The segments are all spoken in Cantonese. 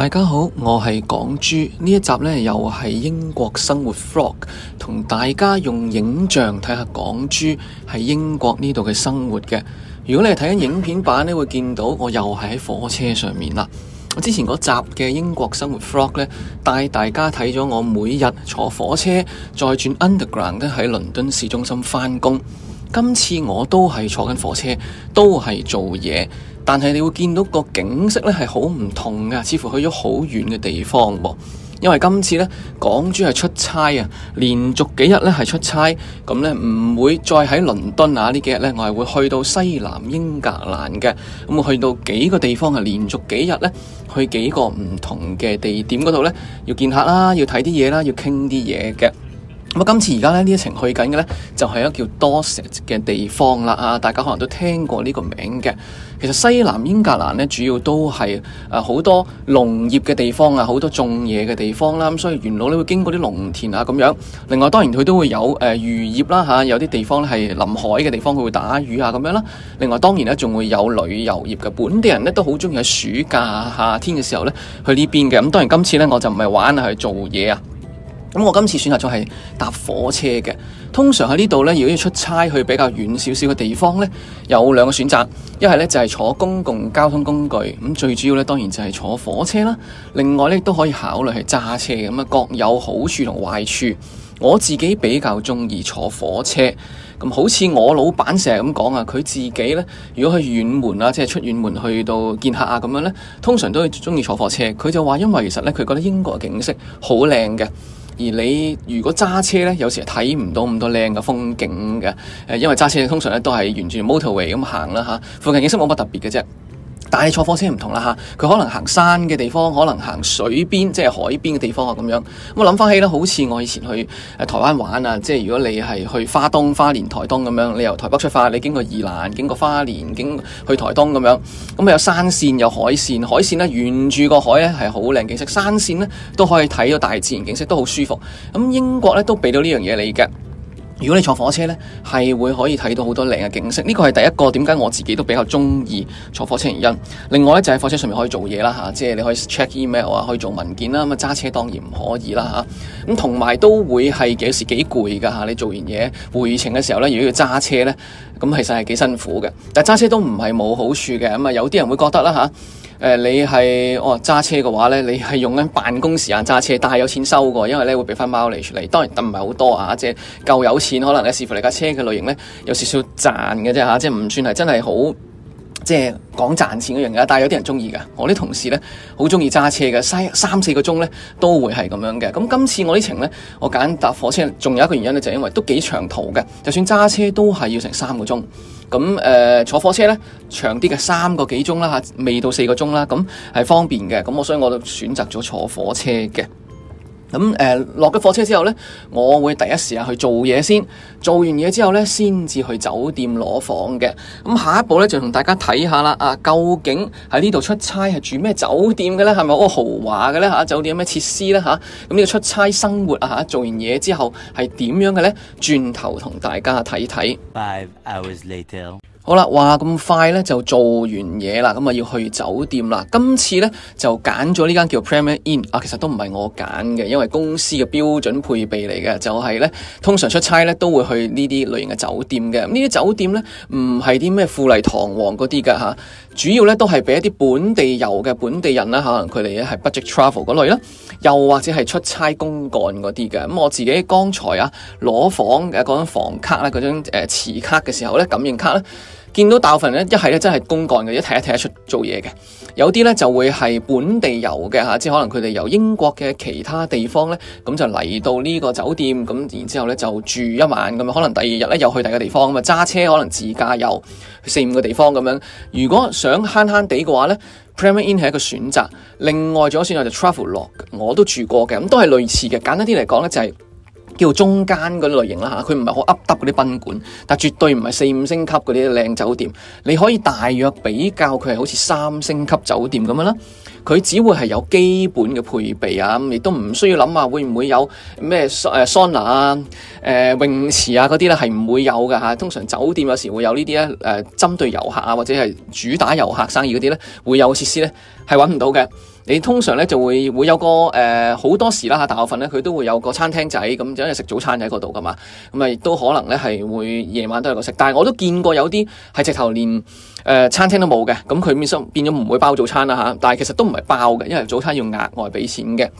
大家好，我係港豬。呢一集呢又係英國生活 vlog，同大家用影像睇下港豬喺英國呢度嘅生活嘅。如果你係睇緊影片版呢，會見到我又係喺火車上面啦。我之前嗰集嘅英國生活 vlog 呢，帶大家睇咗我每日坐火車，再轉 Underground 咧，喺倫敦市中心返工。今次我都係坐緊火車，都係做嘢，但係你會見到個景色咧係好唔同㗎，似乎去咗好遠嘅地方噃。因為今次咧，港豬係出差啊，連續幾日咧係出差，咁咧唔會再喺倫敦啊。呢幾日咧，我係會去到西南英格蘭嘅，咁去到幾個地方係連續幾日咧，去幾個唔同嘅地點嗰度咧，要見客啦，要睇啲嘢啦，要傾啲嘢嘅。今次而家咧呢一程去緊嘅呢，就係一個叫 Dorset 嘅地方啦啊！大家可能都聽過呢個名嘅。其實西南英格蘭呢，主要都係啊好多農業嘅地方啊，好多種嘢嘅地方啦。咁所以沿路呢會經過啲農田啊咁樣。另外當然佢都會有誒漁業啦嚇，有啲地方咧係臨海嘅地方，佢會打魚啊咁樣啦。另外當然呢，仲會有旅遊業嘅本地人呢，都好鍾意喺暑假夏天嘅時候呢去呢邊嘅。咁當然今次呢，我就唔係玩，係做嘢啊。咁我今次選擇咗係搭火車嘅。通常喺呢度咧，如果要出差去比較遠少少嘅地方咧，有兩個選擇，一係咧就係、是、坐公共交通工具。咁、嗯、最主要咧，當然就係坐火車啦。另外咧，都可以考慮係揸車咁啊，各有好處同壞處。我自己比較鍾意坐火車。咁、嗯、好似我老闆成日咁講啊，佢自己咧，如果去遠門啦，即係出遠門去到見客啊咁樣咧，通常都係鍾意坐火車。佢就話，因為其實咧，佢覺得英國嘅景色好靚嘅。而你如果揸車咧，有時睇唔到咁多靚嘅風景嘅，誒，因為揸車通常咧都係沿住 motorway 咁行啦吓，附近景色冇乜特別嘅啫。但係坐火車唔同啦嚇，佢可能行山嘅地方，可能行水邊，即係海邊嘅地方啊咁樣。咁我諗翻起咧，好似我以前去台灣玩啊，即係如果你係去花東、花蓮、台東咁樣，你由台北出發，你經過宜蘭，經過花蓮，經去台東咁樣，咁啊有山線，有海線，海線咧沿住個海咧係好靚景色，山線咧都可以睇到大自然景色，都好舒服。咁英國咧都畀到呢樣嘢你嘅。如果你坐火車呢，係會可以睇到好多靚嘅景色，呢個係第一個點解我自己都比較中意坐火車原因。另外呢，就係火車上面可以做嘢啦吓，即係你可以 check email 啊，可以做文件啦。咁啊揸車當然唔可以啦吓，咁同埋都會係幾時幾攰噶嚇。你做完嘢回程嘅時候呢，如果要揸車呢，咁、啊、其實係幾辛苦嘅。但揸車都唔係冇好處嘅，咁啊有啲人會覺得啦嚇。啊誒、呃，你係哦揸車嘅話咧，你係用緊辦公時間揸車，但係有錢收嘅，因為咧會畀翻 mileage 你出嚟。當然，唔係好多啊，即係夠有錢，可能咧視乎你架車嘅類型咧，有少少賺嘅啫嚇，即係唔算係真係好即係講賺錢嗰樣嘅。但係有啲人中意嘅，我啲同事咧好中意揸車嘅，嘥三四個鐘咧都會係咁樣嘅。咁、嗯、今次我程呢程咧，我揀搭火車，仲有一個原因咧，就是、因為都幾長途嘅，就算揸車都係要成三個鐘。咁誒、呃、坐火車咧，長啲嘅三個幾鐘啦嚇，未到四個鐘啦，咁係方便嘅，咁我所以我就選擇咗坐火車嘅。咁誒落咗火車之後咧，我會第一時間去做嘢先，做完嘢之後咧，先至去酒店攞房嘅。咁、嗯、下一步咧，就同大家睇下啦，啊，究竟喺呢度出差係住咩酒店嘅咧？係咪好豪華嘅咧？嚇、啊，酒店有咩設施咧？嚇、啊，咁、嗯、呢、這個出差生活嚇、啊，做完嘢之後係點樣嘅咧？轉頭同大家睇睇。Five hours later. 好啦，哇！咁快咧就做完嘢啦，咁啊要去酒店啦。今次咧就揀咗呢間叫 Premier Inn 啊，其實都唔係我揀嘅，因為公司嘅標準配備嚟嘅，就係咧通常出差咧都會去呢啲類型嘅酒店嘅。呢啲酒店咧唔係啲咩富麗堂皇嗰啲噶吓。啊主要咧都係俾一啲本地遊嘅本地人啦，可能佢哋咧係 budget travel 嗰類啦，又或者係出差公幹嗰啲嘅。咁、嗯、我自己剛才啊攞房嘅嗰張房卡咧，嗰張、呃、磁卡嘅時候咧，感應卡咧。見到大部分咧，一係咧真係公幹嘅，看一睇一睇一出做嘢嘅；有啲咧就會係本地遊嘅嚇、啊，即係可能佢哋由英國嘅其他地方咧，咁就嚟到呢個酒店，咁然之後咧就住一晚咁啊，可能第二日咧又去第二個地方，咁啊揸車可能自駕遊四五個地方咁樣。如果想慳慳地嘅話咧，Premier Inn 係一個選擇。另外仲有選擇就 Travelodge，我都住過嘅，咁、嗯、都係類似嘅。簡單啲嚟講咧就係、是。叫中間嗰類型啦嚇，佢唔係好噏噏嗰啲賓館，但係絕對唔係四五星級嗰啲靚酒店。你可以大約比較佢係好似三星級酒店咁樣啦，佢只會係有基本嘅配備啊，咁亦都唔需要諗下會唔會有咩誒桑拿啊、誒泳池啊嗰啲咧，係唔會有嘅嚇。通常酒店有時會有呢啲咧誒，針對遊客啊或者係主打遊客生意嗰啲咧會有嘅設施咧係揾唔到嘅。你通常咧就會會有個誒好、呃、多時啦嚇、啊，大部分咧佢都會有個餐廳仔咁，就因為食早餐喺嗰度噶嘛，咁啊亦都可能咧係會夜晚都喺度食，但係我都見過有啲係直頭連誒、呃、餐廳都冇嘅，咁、嗯、佢變相變咗唔會包早餐啦嚇、啊，但係其實都唔係包嘅，因為早餐要額外畀錢嘅。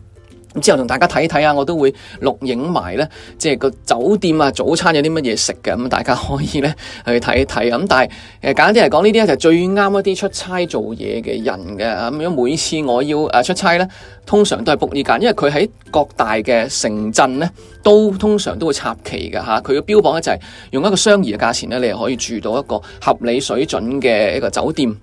之後同大家睇睇啊，我都會錄影埋呢，即係個酒店啊，早餐有啲乜嘢食嘅，咁大家可以呢去睇睇。咁但係誒簡單啲嚟講，呢啲呢就係最啱一啲出差做嘢嘅人嘅。咁因為每次我要出差呢，通常都係 book 呢間，因為佢喺各大嘅城鎮呢都通常都會插旗嘅嚇。佢嘅標榜呢就係、是、用一個相宜嘅價錢呢，你係可以住到一個合理水準嘅一個酒店。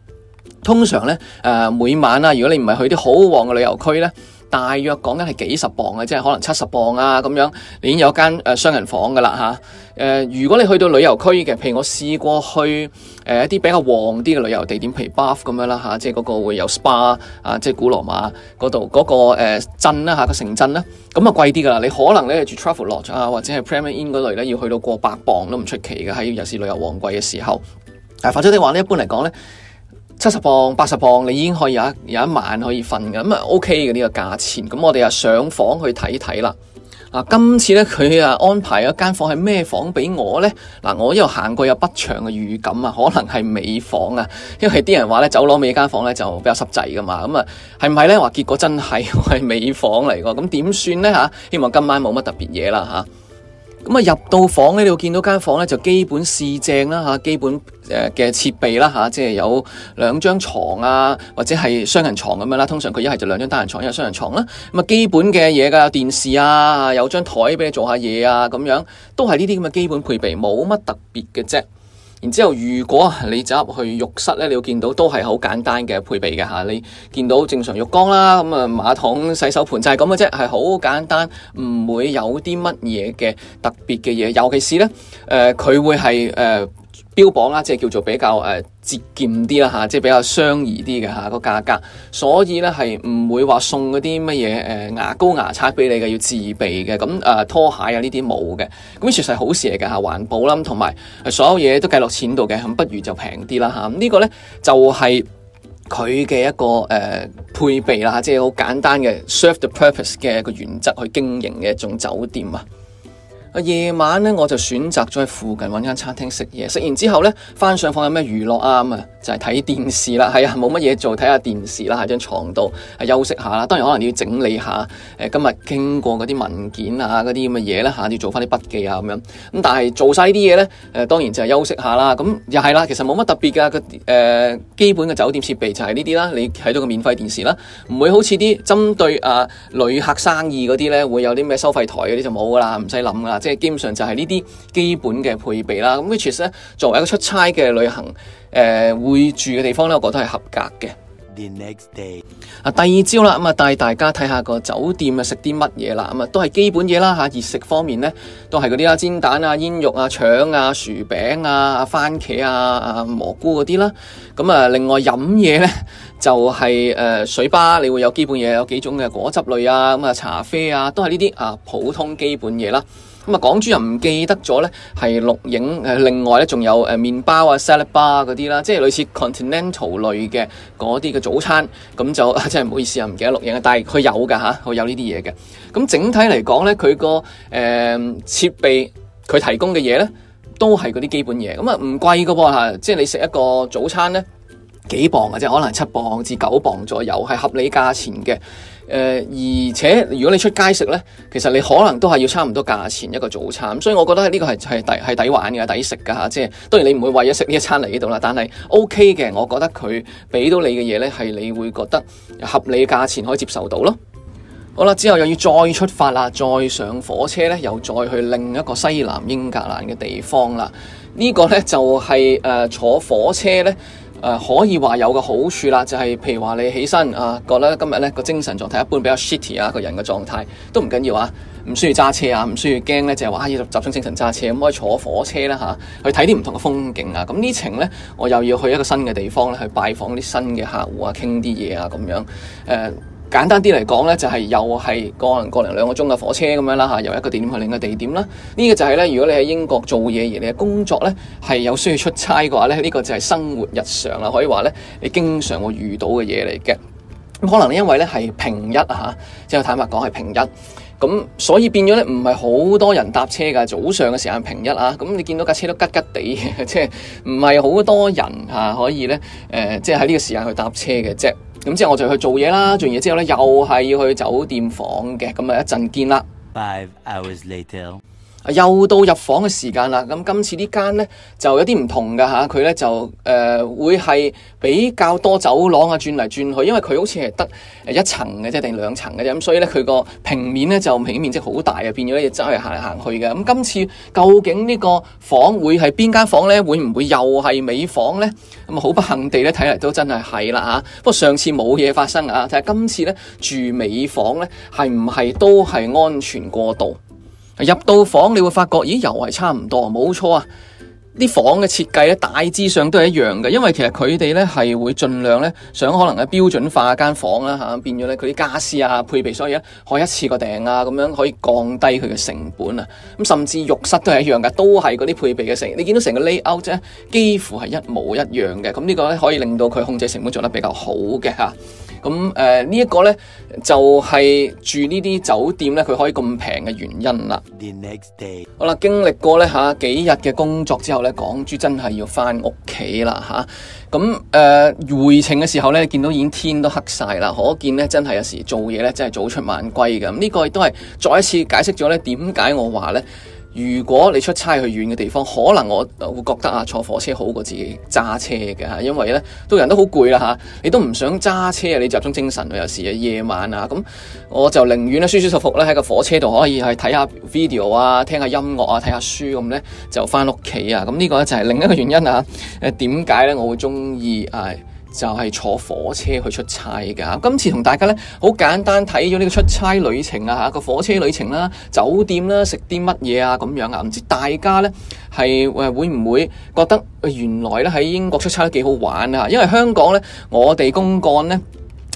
通常呢，誒、呃、每晚啦，如果你唔係去啲好旺嘅旅遊區呢。大約講緊係幾十磅嘅，即係可能七十磅啊咁樣，你已經有間誒、呃、雙人房嘅啦嚇。誒、呃，如果你去到旅遊區嘅，譬如我試過去誒、呃、一啲比較旺啲嘅旅遊地點，譬如 Bath 咁樣啦嚇、啊，即係嗰個會有 Spa 啊，即係古羅馬嗰度嗰個誒、呃、鎮啦嚇、啊個城鎮啦，咁啊貴啲噶啦，你可能咧住 Travelodge 啊或者係 Premier Inn 嗰類咧，要去到過百磅都唔出奇嘅，尤其是旅遊旺季嘅時候。或者你話呢，一般嚟講咧。七十磅八十磅，你已經可以有一晚可以瞓噶，咁、嗯、啊 OK 嘅呢，這個價錢。咁我哋啊上房去睇睇啦。嗱、啊，今次咧佢啊安排一間房係咩房畀我咧？嗱、啊，我一路行過有不祥嘅預感啊，可能係尾房啊，因為啲人話咧走廊尾間房咧就比較濕滯噶嘛。咁啊係唔係咧？話結果真係係尾房嚟嘅，咁、嗯、點算咧吓、啊？希望今晚冇乜特別嘢啦吓。啊入到房你又見到間房就基本四正啦嚇，基本誒嘅設備啦嚇，即係有兩張床啊，或者係雙人床咁樣啦。通常佢一係就兩張單人床，一係雙人床啦。咁啊，基本嘅嘢有電視啊，有張台畀你做下嘢啊，咁樣都係呢啲咁嘅基本配備，冇乜特別嘅啫。然之後，如果你走入去浴室咧，你會見到都係好簡單嘅配備嘅㗎。你見到正常浴缸啦，咁啊馬桶、洗手盆就係咁嘅啫，係好簡單，唔會有啲乜嘢嘅特別嘅嘢。尤其是咧，誒、呃、佢會係誒。呃標榜啦，即係叫做比較誒節儉啲啦嚇，即係比較相宜啲嘅嚇個價格，所以咧係唔會話送嗰啲乜嘢誒牙膏牙刷俾你嘅，要自備嘅。咁、呃、誒拖鞋啊呢啲冇嘅，咁、嗯、其實係好事嚟嘅嚇，環保啦，同、啊、埋所有嘢都計落錢度嘅，咁不如就平啲啦嚇。咁、啊這個、呢個咧就係佢嘅一個誒、呃、配備啦嚇、啊，即係好簡單嘅 serve the purpose 嘅一個原則去經營嘅一種酒店啊。夜晚我就選擇咗喺附近揾間餐廳食嘢，食完之後咧，返上房有咩娛樂啊？就係睇電視啦，係啊，冇乜嘢做，睇下電視啦，喺張床度係休息下啦。當然可能要整理下誒、呃，今日經過嗰啲文件啊，嗰啲咁嘅嘢咧嚇，要做翻啲筆記啊咁樣。咁但係做晒啲嘢咧，誒、呃、當然就係休息下啦。咁、嗯、又係啦，其實冇乜特別㗎，個、呃、基本嘅酒店設備就係呢啲啦。你睇到個免費電視啦，唔會好似啲針對啊、呃、旅客生意嗰啲咧，會有啲咩收費台嗰啲就冇㗎啦，唔使諗啦。即係基本上就係呢啲基本嘅配備啦。咁 which is 作為一個出差嘅旅行。誒、呃、會住嘅地方咧，我覺得係合格嘅。啊，Next day 第二朝啦，咁啊帶大家睇下個酒店啊食啲乜嘢啦，咁、嗯、啊都係基本嘢啦嚇、啊。熱食方面咧，都係嗰啲啊煎蛋啊、煙肉啊、腸啊、薯餅啊、番茄啊、啊蘑菇嗰啲啦。咁、嗯、啊，另外飲嘢咧就係、是、誒、呃、水吧，你會有基本嘢，有幾種嘅果汁類啊，咁、嗯、啊茶啡啊，都係呢啲啊普通基本嘢啦。咁啊，港豬人唔記得咗咧，係錄影誒。另外咧，仲有誒麵包啊、salad bar 嗰啲啦，即係類似 Continental 類嘅嗰啲嘅早餐。咁就真係唔好意思啊，唔記得錄影。但係佢有㗎嚇，佢有呢啲嘢嘅。咁整體嚟講咧，佢個誒設備佢提供嘅嘢咧，都係嗰啲基本嘢。咁啊，唔貴嘅喎嚇，即係你食一個早餐咧，幾磅嘅啫，可能七磅至九磅左右，係合理價錢嘅。誒、呃，而且如果你出街食呢，其實你可能都係要差唔多價錢一個早餐。所以我、就是 OK，我覺得呢個係係抵係抵玩嘅，抵食㗎嚇。即係當然你唔會為咗食呢一餐嚟呢度啦，但係 OK 嘅。我覺得佢俾到你嘅嘢呢，係你會覺得合理價錢可以接受到咯。好啦，之後又要再出發啦，再上火車呢，又再去另一個西南英格蘭嘅地方啦。呢、這個呢，就係、是、誒、呃、坐火車呢。呃、可以話有個好處啦，就係、是、譬如話你起身啊，覺得今日呢個精神狀態一般比較 shitty 啊，個人嘅狀態都唔緊要啊，唔需要揸車啊，唔需要驚呢。就係話可以集中精神揸車、嗯，可以坐火車啦、啊、嚇、啊，去睇啲唔同嘅風景啊。咁、啊、呢程呢，我又要去一個新嘅地方去拜訪啲新嘅客戶啊，傾啲嘢啊咁樣誒。啊簡單啲嚟講咧，就係又係個零個零兩個鐘嘅火車咁樣啦嚇，由一個地點去另一個地點啦。呢個就係咧，如果你喺英國做嘢而你嘅工作咧係有需要出差嘅話咧，呢個就係生活日常啦，可以話咧你經常會遇到嘅嘢嚟嘅。咁可能因為咧係平日，嚇，即係坦白講係平日。咁所以變咗呢，唔係好多人搭車㗎。早上嘅時間平一啊，咁你見到架車都吉吉地嘅，即係唔係好多人吓、啊、可以呢誒、呃，即係喺呢個時間去搭車嘅啫。咁之後我就去做嘢啦，做完嘢之後呢又係要去酒店房嘅。咁啊，一陣見啦。Five hours later. 又到入房嘅時間啦，咁今次呢間呢，就有啲唔同嘅嚇，佢、啊、呢就誒、呃、會係比較多走廊啊，轉嚟轉去，因為佢好似係得一層嘅啫，定兩層嘅啫，咁所以呢，佢個平面呢就平面，面積好大走走啊，變咗要真係行嚟行去嘅。咁今次究竟呢個房會係邊間房呢？會唔會又係尾房呢？咁啊，好不幸地呢，睇嚟都真係係啦嚇。不過上次冇嘢發生啊，睇下今次呢，住尾房呢，係唔係都係安全過度？入到房，你會發覺，咦，又係差唔多，冇錯啊！啲房嘅設計咧，大致上都係一樣嘅，因為其實佢哋咧係會盡量咧想可能嘅標準化間房啦嚇，變咗咧佢啲家私啊、配備所有嘢可以一次過訂啊，咁樣可以降低佢嘅成本啊。咁甚至浴室都係一樣嘅，都係嗰啲配備嘅成，你見到成個 layout 咧、啊、幾乎係一模一樣嘅。咁、啊這個、呢個咧可以令到佢控制成本做得比較好嘅嚇。咁、啊、誒、呃這個、呢一個咧就係、是、住呢啲酒店咧，佢可以咁平嘅原因啦。next 好啦，經歷過咧嚇、啊、幾日嘅工作之後。港豬真係要翻屋企啦吓，咁誒、呃、回程嘅時候咧，見到已經天都黑晒啦，可見咧真係有時做嘢咧真係早出晚歸嘅，咁、這、呢個亦都係再一次解釋咗咧點解我話咧。如果你出差去遠嘅地方，可能我會覺得啊，坐火車好過自己揸車嘅嚇，因為咧，都人都好攰啦嚇，你都唔想揸車啊，你集中精神啊，有時夜晚啊，咁我就寧願咧舒舒服服咧喺個火車度可以去睇下 video 啊，聽下音樂啊，睇下書咁咧就返屋企啊，咁呢個咧就係另一個原因啊，誒點解咧我會中意誒，哎就係坐火車去出差㗎，今次同大家呢，好簡單睇咗呢個出差旅程啊，個火車旅程啦、酒店啦、食啲乜嘢啊咁樣啊，唔知大家呢係誒會唔會覺得原來呢喺英國出差都幾好玩啊？因為香港呢，我哋公幹呢。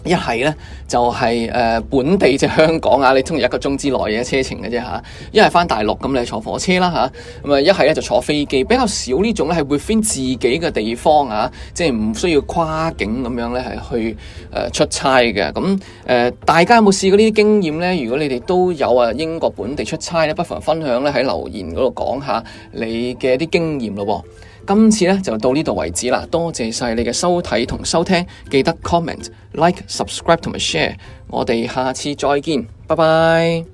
一係咧就係、是、誒、呃、本地即香港啊，你通常一個鐘之內嘅車程嘅啫吓，一係翻大陸咁，你坐火車啦吓，咁啊一係咧就坐飛機，比較少種呢種咧係會飛自己嘅地方啊，即係唔需要跨境咁樣咧係去誒、呃、出差嘅。咁、啊、誒大家有冇試過呢啲經驗咧？如果你哋都有啊，英國本地出差咧，不妨分享咧喺留言嗰度講下你嘅啲經驗咯。今次咧就到呢度為止啦，多謝晒你嘅收睇同收聽，記得 comment、like、subscribe 同埋 share，我哋下次再見，拜拜。